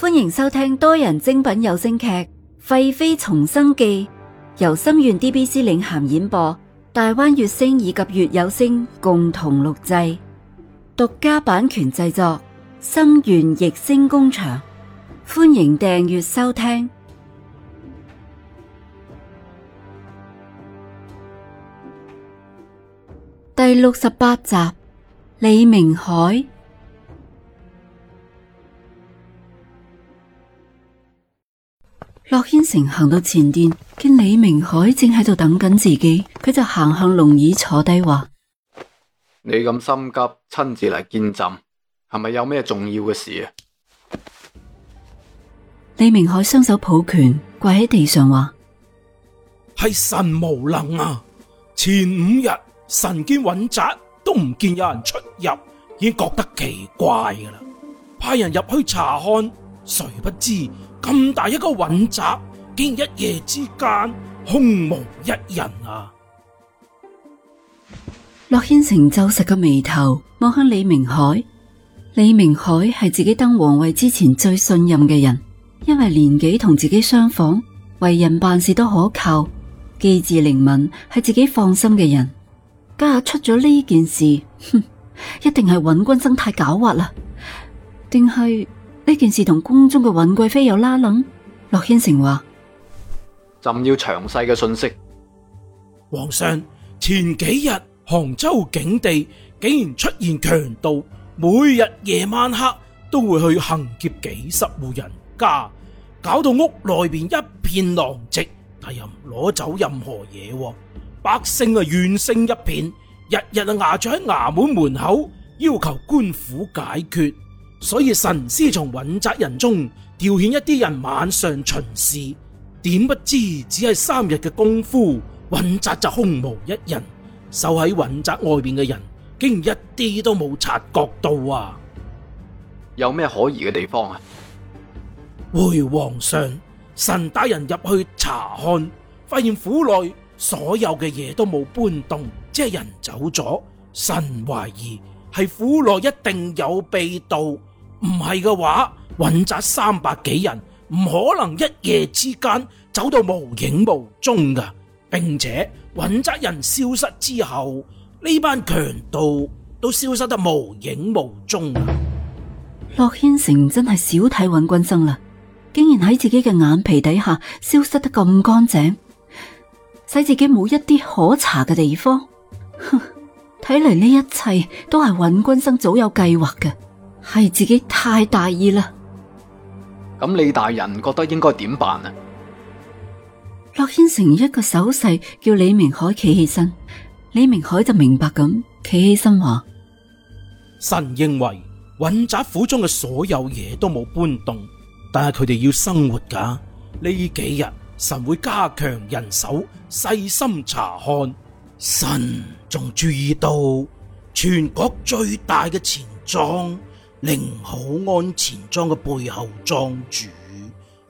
歡迎收聽多人精品有聲劇《廢妃重生記》，由心願 D B C 領銜演播，大灣月星以及月有聲共同錄製，獨家版權製作，心願逸星工場。歡迎訂閱收聽第六十八集李明海。洛軒城行到前殿，見李明海正喺度等緊自己，佢就行向龍椅坐低，話：你咁心急親自嚟見朕，係咪有咩重要嘅事啊？李明海雙手抱拳跪喺地上，話：係神無能啊！前五日神堅穩宅都唔見有人出入，已經覺得奇怪㗎啦。派人入去查看，誰不知？咁大一個混雜，竟然一夜之間空無一人啊！駱軒成皺實個眉頭，望向李明海。李明海係自己登皇位之前最信任嘅人，因為年紀同自己相仿，為人辦事都可靠，機智靈敏，係自己放心嘅人。家下出咗呢件事，哼，一定係尹君生太狡猾啦，定係？呢件事同宮中嘅尹貴妃有拉楞？洛軒成話：朕要詳細嘅訊息。皇上，前幾日杭州境地竟然出現強盜，每日夜晚黑都會去行劫幾十戶人家，搞到屋內邊一片狼藉，但又唔攞走任何嘢，百姓啊怨聲一片，日日啊牙住喺衙門門口要求官府解決。所以神師從尹宅人中調遣一啲人晚上巡視，點不知只係三日嘅功夫，尹宅就空無一人。守喺尹宅外邊嘅人竟然一啲都冇察覺到啊！有咩可疑嘅地方啊？回皇上，神帶人入去查看，發現府內所有嘅嘢都冇搬動，即係人走咗。神懷疑係府內一定有秘道。唔係嘅話，尹澤三百幾人唔可能一夜之間走到無影無蹤噶，並且尹澤人消失之後，呢班強盜都消失得無影無蹤。洛軒成真係小睇尹君生啦，竟然喺自己嘅眼皮底下消失得咁乾淨，使自己冇一啲可查嘅地方。睇嚟呢一切都係尹君生早有計劃嘅。係自己太大意啦！咁李大人覺得應該點辦啊？洛軒成一個手勢叫李明海企起身，李明海就明白咁企起身話：神認為尹宅府中嘅所有嘢都冇搬動，但係佢哋要生活噶。呢幾日神會加強人手，細心查看。神仲注意到全國最大嘅錢莊。寧好安錢莊嘅背後莊主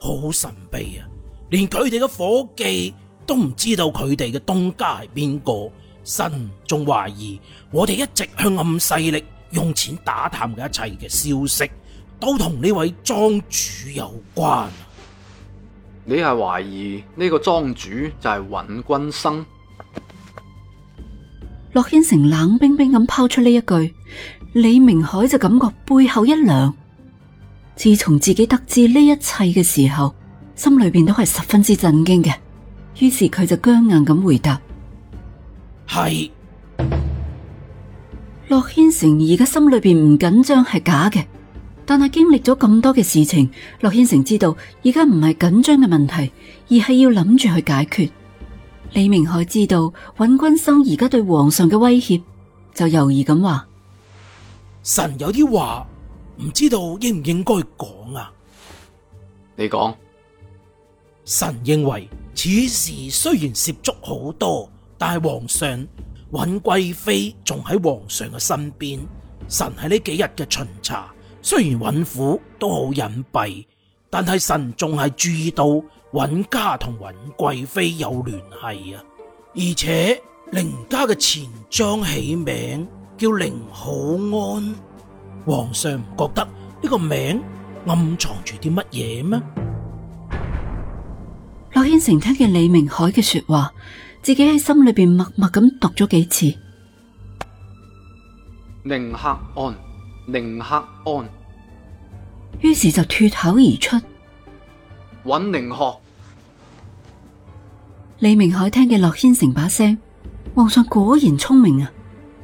好神秘啊，連佢哋嘅伙計都唔知道佢哋嘅東家係邊個，心中懷疑我哋一直向暗勢力用錢打探嘅一切嘅消息都同呢位莊主有關啊。你係懷疑呢個莊主就係尹君生？駱軒成冷冰冰咁拋出呢一句。李明海就感覺背後一涼。自從自己得知呢一切嘅時候，心裏邊都係十分之震驚嘅。於是佢就僵硬咁回答：係是。洛軒成而家心裏邊唔緊張係假嘅，但係經歷咗咁多嘅事情，洛軒成知道而家唔係緊張嘅問題，而係要諗住去解決。李明海知道尹君生而家對皇上嘅威脅，就猶豫咁話。神有啲話唔知道應唔應該講啊？你講說，神認為此事雖然涉足好多，但係皇上尹貴妃仲喺皇上嘅身邊。神喺呢幾日嘅巡查，雖然尹府都好隱蔽，但係神仲係注意到尹家同尹貴妃有聯繫啊，而且凌家嘅錢莊起名，叫寧好安，皇上唔覺得呢個名暗藏住啲乜嘢咩？洛軒成聽嘅李明海嘅說話，自己喺心裏邊默默咁讀咗幾次。寧克安，寧克安，於是就脱口而出：搵寧鶴。李明海聽嘅洛軒成把聲，皇上果然聰明啊！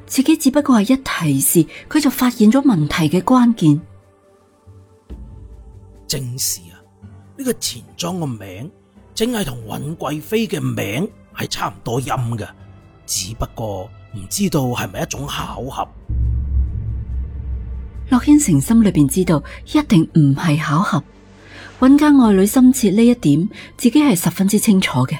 自己只不過係一提示，佢就發現咗問題嘅關鍵。正是啊，呢、這個錢莊個名正係同尹貴妃嘅名係差唔多音嘅，只不過唔知道係咪一種巧合。洛軒成心裏邊知道，一定唔係巧合。尹家愛女心切呢一點，自己係十分之清楚嘅。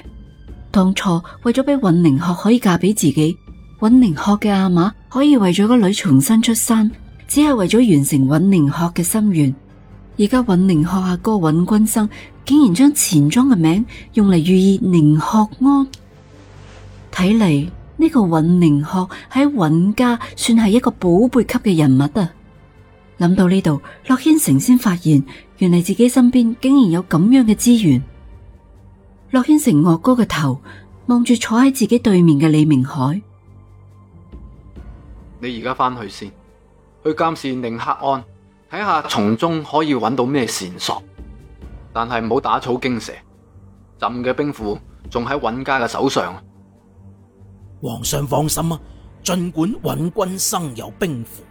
當初為咗俾尹寧學可以嫁俾自己。尹寧學嘅阿媽可以為咗個女重新出山，只係為咗完成尹寧學嘅心願。而家尹寧學阿哥尹君生竟然將錢莊嘅名用嚟寓意寧學安，睇嚟呢個尹寧學喺尹家算係一個寶貝級嘅人物啊！諗到呢度，駱軒成先發現，原來自己身邊竟然有咁樣嘅資源。駱軒成臥高嘅頭，望住坐喺自己對面嘅李明海。你而家翻去先，去監視寧克安，睇下從中可以揾到咩線索，但係唔好打草驚蛇。朕嘅兵符仲喺尹家嘅手上。皇上放心啊，盡管尹軍生有兵符，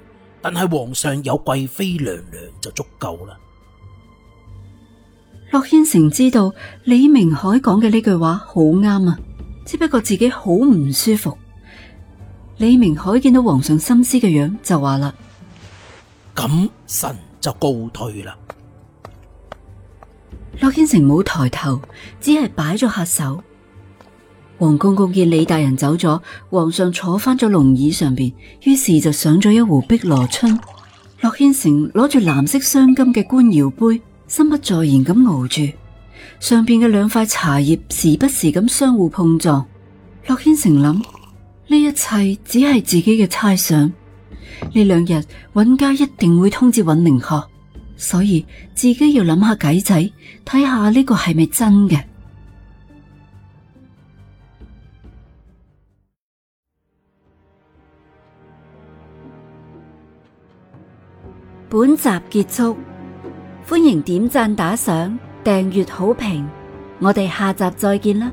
但係皇上有貴妃娘娘就足夠啦。駱千成知道李明海講嘅呢句話好啱啊，只不過自己好唔舒服。李明海見到皇上心思嘅樣就，就話啦：咁，臣就告退啦。駱軒成冇抬頭，只係擺咗下手。王公公見李大人走咗，皇上坐翻咗龍椅上邊，於是就上咗一壺碧螺春。駱軒成攞住藍色鑲金嘅官窯杯，心不在焉咁熬住，上邊嘅兩塊茶葉時不時咁相互碰撞。駱軒成諗。呢一切只係自己嘅猜想，呢兩日尹家一定會通知尹寧學，所以自己要諗下計仔，睇下呢個係咪真嘅。本集結束，歡迎點讚打賞、訂閱好評，我哋下集再見啦！